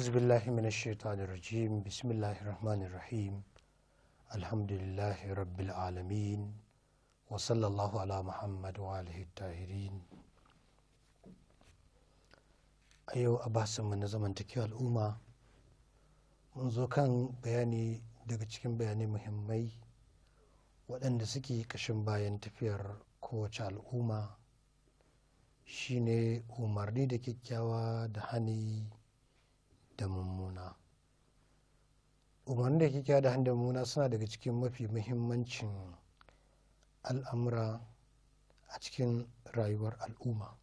Euzubillahimineşşeytanirracim. Bismillahirrahmanirrahim. Elhamdülillahi Rabbil alemin. rabbi'lalamin sallallahu ala Muhammed ve alihi tahirin. A yau a basinmu na zamantakewar al'umma mun zo kan bayani daga cikin bayanai muhimmai waɗanda suke ƙashin bayan tafiyar kowace al'umma shine umarni da kyakkyawa da hannu da mummuna umarni da ke kira da hannun mummuna suna daga cikin mafi muhimmancin al'amura a cikin rayuwar al'umma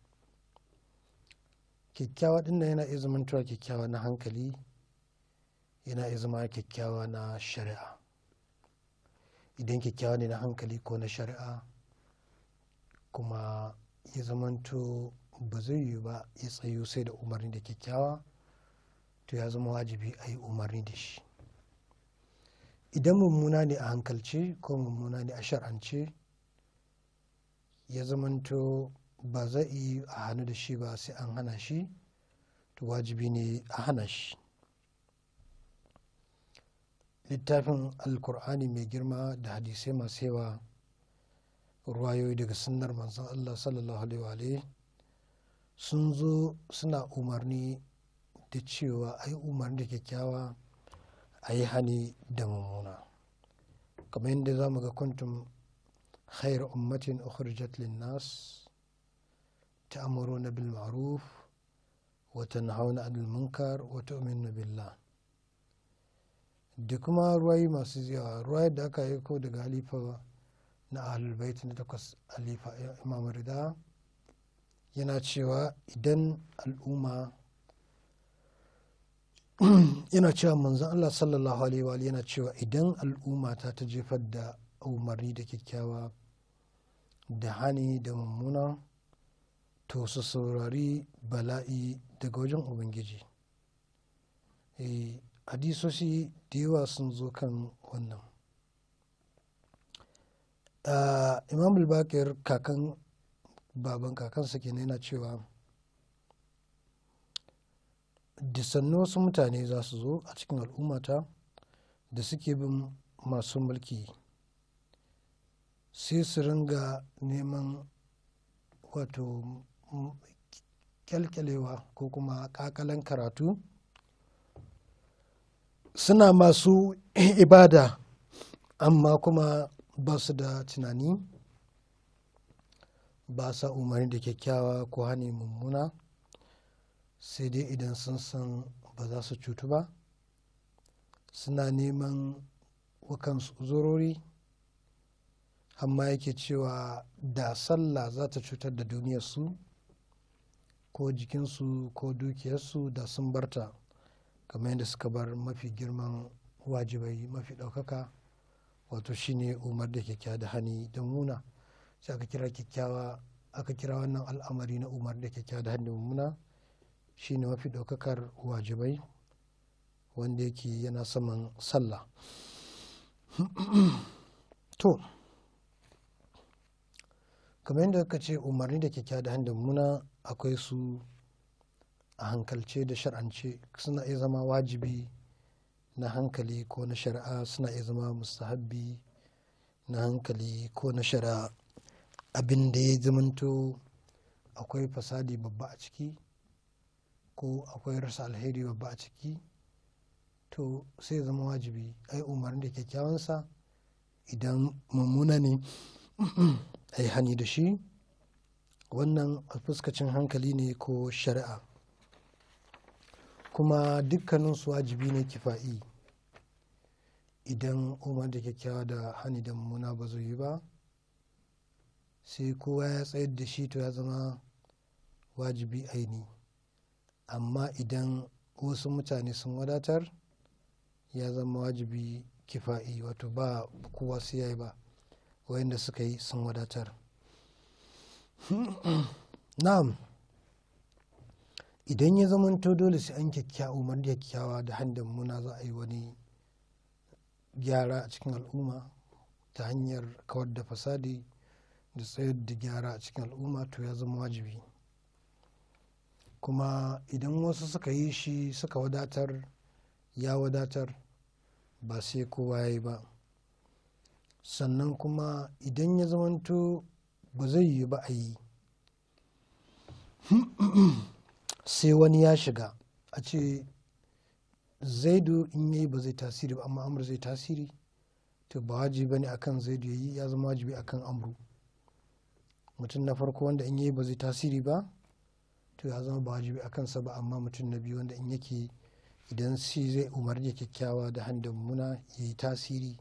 kyakkyawa ɗin yana iya zamantowa kyakkyawa na hankali yana iya zama kyakkyawa na shari'a idan kyakkyawa ne na hankali ko na shari'a kuma ya zamanto ba zai yiwu ba ya tsayo sai da umarni da kyakkyawa to ya zama wajibi a yi umarni da shi idan mummuna ne a hankalce ko mummuna ne a shar'ance ya zamanto ba za'i a hannu da shi ba sai an hana shi to wajibi ne a hana shi littafin alkur'ani mai girma da hadisai masu yawa ruwayoyi daga sunnar manzon allah sallallahu alaihi sun zo suna umarni da cewa ai umarni da kyakkyawa a yi hani da mummuna kamar yadda za mu ga kwantum khair ummatin ukhrijat ta ta'muruna bil ma'ruf wa tanhauna 'anil munkar wa tu'minu billah da kuma ruwayi masu ziyawa ruwayi da aka yi daga halifa na ahlul bait na takwas halifa imam rida yana cewa idan al'umma yana cewa manzon Allah sallallahu alaihi wa yana cewa idan al'umma ta ta jefar da umarni da kyakkyawa da hani da mummuna to su saurari bala'i daga wajen ubangiji eh, hadisoshi da yawa sun zo kan wannan ah, imam bakir kakan baban kakansa kenan yana cewa disannu wasu mutane za su zo a cikin al'ummata da suke bin masu mulki sai su ringa neman wato kyalkyalewa ko kuma kakalan karatu suna masu ibada amma kuma ba su da tunani ba sa umarni da kyakkyawa ko hani mummuna sai dai idan sun san ba za su cutu ba suna neman wakansu uzurori amma yake cewa da sallah za ta cutar da duniyarsu ko jikinsu ko dukiyarsu da sun barta kamar yadda suka bar mafi girman wajibai mafi ɗaukaka wato shine umar da kyakkyawa da hani da muna sai aka kira kyakkyawa aka kira wannan al'amari na umar da kyakkyawa da hani da muna shi ne mafi ɗaukakar wajibai wanda yake yana saman sallah to kamar yadda ka ce umarni da kyakkyawa da hannun muna akwai su a hankalce da shar'ance suna iya zama wajibi na hankali ko na shari'a suna iya zama mustahabbi na hankali ko na shari'a abin da ya zamanto akwai fasadi babba a ciki ko akwai rasa alheri babba a ciki to sai zama wajibi ai umarni da kyakkyawansa idan mummuna ne a yi hani da shi wannan a fuskacin hankali ne ko shari'a kuma dukkanin su wajibi ne kifa'i idan umar da kyakkyawa da hani da mummuna ba zai yi ba sai kowa ya tsayar da shi to ya zama wajibi aini amma idan wasu mutane sun wadatar ya zama wajibi kifa'i wato ba kowa su yayi ba wayanda suka yi sun wadatar na'am idan ya zamanto dole sai an kyakkyawa umar da kyakkyawa da hannun muna za a yi wani gyara a cikin al'umma ta hanyar kawar da fasadi da tsayar da gyara a cikin al'umma to ya zama wajibi kuma idan wasu suka yi shi suka wadatar ya wadatar ba sai kowa ya yi ba sannan kuma idan ya zamanto ba zai yi ba a yi sai wani ya shiga a ce zaidu in yi ba zai tasiri ba amma amur zai tasiri to ba wajibi ne akan zaidu yayi ya zama wajibi akan amru mutum na farko wanda in yi ba zai tasiri ba to ya zama ba wajibi a kansa ba amma mutum na biyu wanda in yake idan si zai umarni kyakkyawa da hannun muna ya yi tasiri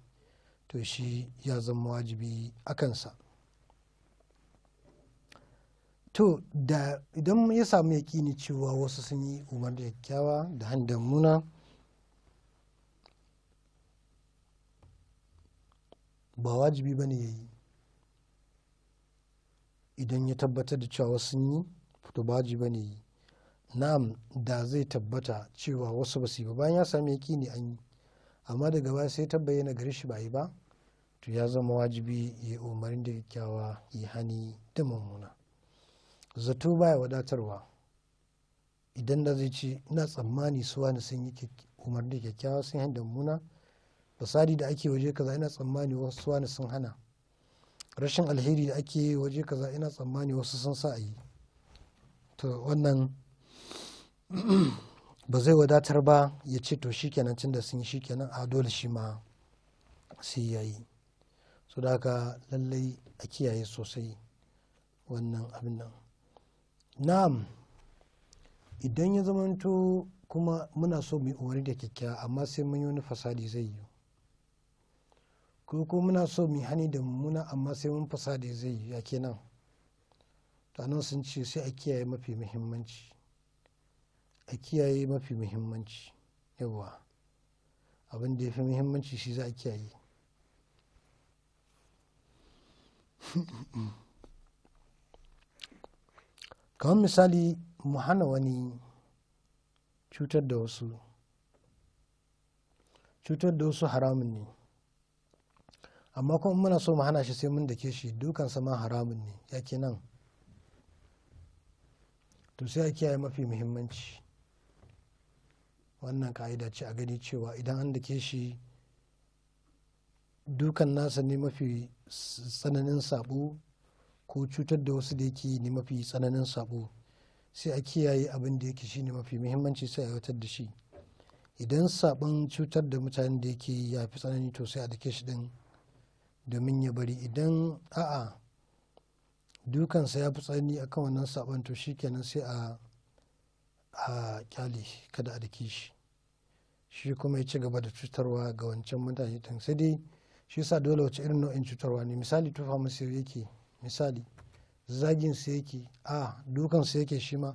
to shi ya zama wajibi a kansa to da idan ya samu yaƙini cewa wasu sun yi umarni kyakkyawa da hannun muna ba wajibi ba ne ya yi idan ya tabbatar da cewa wasu sun yi to ba ne bane na'am da zai tabbata cewa wasu ba su yi ba bayan ya sami ne an yi amma daga baya sai ta bayyana gari shi ba yi ba to ya zama wajibi ya umarin da kyakkyawa ya hani da mummuna zato baya wadatarwa idan da zai ce ina tsammani su wani sun yi umarin da kyakkyawa sun hana da mummuna fasadi da ake waje kaza ina tsammani wasu wani sun hana rashin alheri da ake waje kaza ina tsammani wasu sun sa a yi to wannan ba zai wadatar ba ya ce to shikenan tun da sun shi kenan a dole shi ma sai ya yi su da haka lallai a kiyaye sosai wannan abin nan na'am idan ya zamanto kuma muna so mu yi umarni da kyakkyawa amma sai mun yi wani fasadi zai yi ko kuma muna so mu yi hani da mummuna amma sai mun fasadi zai yi ya kenan nan sun ce sai a kiyaye mafi muhimmanci a kiyaye mafi muhimmanci yawa abin da ya fi muhimmanci shi za a kiyaye kamar misali mu hana wani cutar da wasu cutar da wasu haramun ne amma kuma muna so mu hana shi sai mun da ke shi dukan ma haramun ne yake nan to sai a kiyaye mafi muhimmanci wannan ka'ida ce a gani cewa idan an dake shi dukan nasa ne mafi tsananin sabo ko cutar da wasu da yake ne mafi tsananin sabo sai a kiyaye abin da yake ne mafi muhimmanci sai a aiwatar da shi idan sabon cutar da mutanen da yake ya fi tsanani to sai a dake shi din domin ya bari idan a'a dukansa ya fi tsani akan wannan saban to kenan sai a a kyale kada a dake shi shi kuma ya ci gaba da cutarwa ga wancan mutane tun sai dai shi sa dole wace irin nau'in cutarwa ne misali tufa masa yake misali zagin su yake a dukan su yake shi ma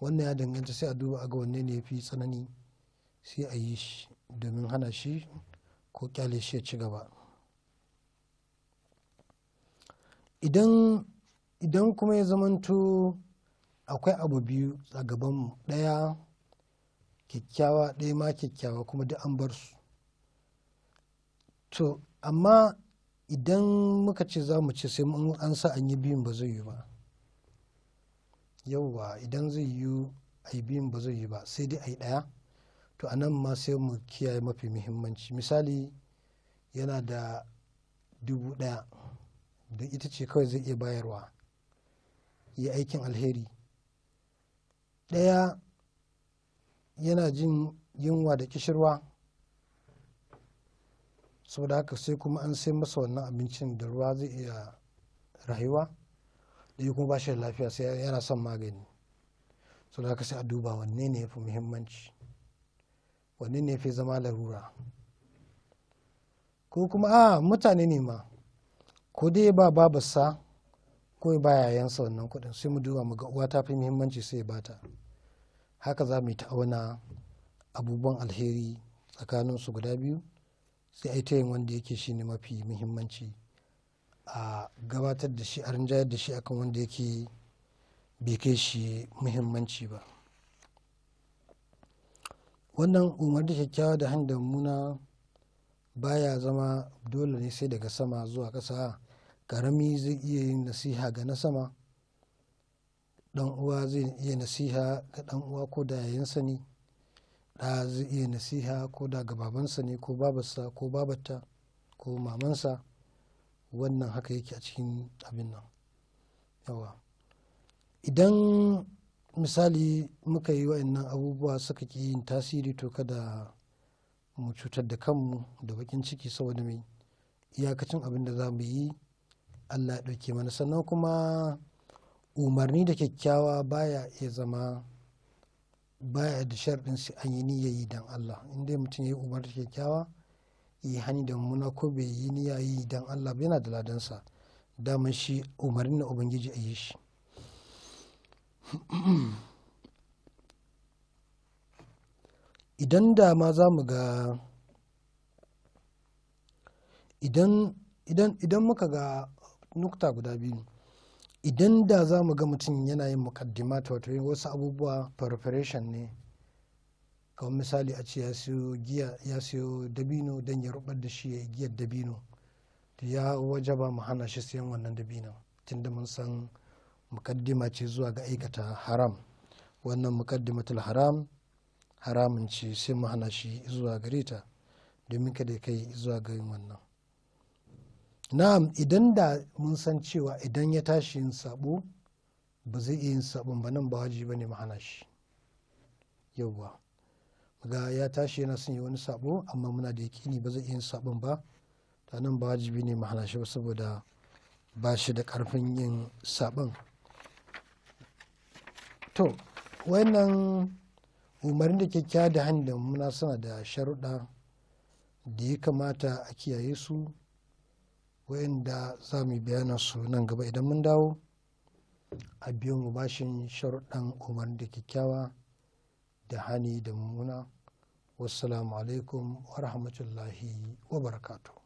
wannan ya danganta sai a duba a ga wanne ne ya fi tsanani sai a yi shi domin hana shi ko kyale shi ya ci gaba idan idan kuma ya zamanto akwai abu biyu a gabanmu ɗaya kyakkyawa ɗaya ma kyakkyawa kuma duk an bar su to amma idan muka ce za mu ce sai an sa an yi biyun ba zai yi ba yauwa idan zai yi ai biyun ba zai yi ba sai dai a yi ɗaya to a nan ma sai mu kiyaye mafi muhimmanci misali yana da dubu ɗaya da ita ce kawai zai iya bayarwa ya aikin alheri ɗaya yana jin yunwa da kishirwa saboda haka sai kuma an sai masa wannan abincin da ruwa zai iya rayuwa da kuma ba shi lafiya sai yana son magani saboda haka sai a duba wanne ne fi muhimmanci wanne ne fi zama larura ko kuma a mutane ne ma ko dai ba babu sa. ko baya yansa wannan kudin sai mu duba mu ga uwa ta fi muhimmanci sai ba ta haka za mu yi ta'auna abubuwan alheri tsakanin su guda biyu sai ai tayin wanda yake shi ne mafi muhimmanci a gabatar da shi a rinjayar da shi akan wanda yake bai kai shi muhimmanci ba wannan umar da kyakkyawa da hanyar muna baya zama dole ne sai daga sama zuwa ƙasa karami zai iya yin nasiha ga na sama ɗan uwa zai iya nasiha ga ɗan uwa ko da yayansa ne da zai iya nasiha ko da ga babansa ne ko babarsa ko babarta ko mamansa wannan haka yake a cikin abin nan yawa idan misali muka yi wa'annan abubuwa suka ki yin tasiri to kada mu cutar da kanmu da bakin ciki saboda mai iyakacin abin da za mu yi Allah ya ɗauke mana sannan kuma umarni da kyakkyawa baya iya zama baya da sharɗin su an yi niyya yi dan Allah in dai mutum ya yi umarni da kyakkyawa yi hani da mummuna ko bai yi niyya yi dan Allah yana da ladansa daman shi umarni na ubangiji a yi shi idan da ma za mu ga idan muka ga nukta guda biyu idan da za mu ga mutum yana yin mukaddimat wato wasu abubuwa preparation ne kamar misali a ce ya siyo giya dabino don ya rubar da shi ya giyar dabino ya waje ba mu hana shi siyan wannan dabinon tunda mun san mukaddima ce zuwa ga aikata haram wannan mukaddimatul haram haramun ce sai mu hana shi zuwa gare ta domin kada kai zuwa ga yin wannan na'am idan da mun san cewa idan ya tashi yin sabo ba zai iya yin sabon ba nan ba wajibi ba ne hana shi yauwa ga ya tashi yana son yi wani sabo amma muna da yakini ba zai iya yin sabon ba ta nan ba wajibi ne ma'ana shi ba saboda ba shi da karfin yin sabon to wannan umarni da kyakkyawa da hannun da muna suna da sharuɗa da ya kamata a kiyaye su wayanda za mu bayyana su nan gaba idan mun dawo a biyo mu bashin sharuɗan umar da kyakkyawa da hani da mummuna wassalamu alaikum wa rahmatullahi wa barakatuh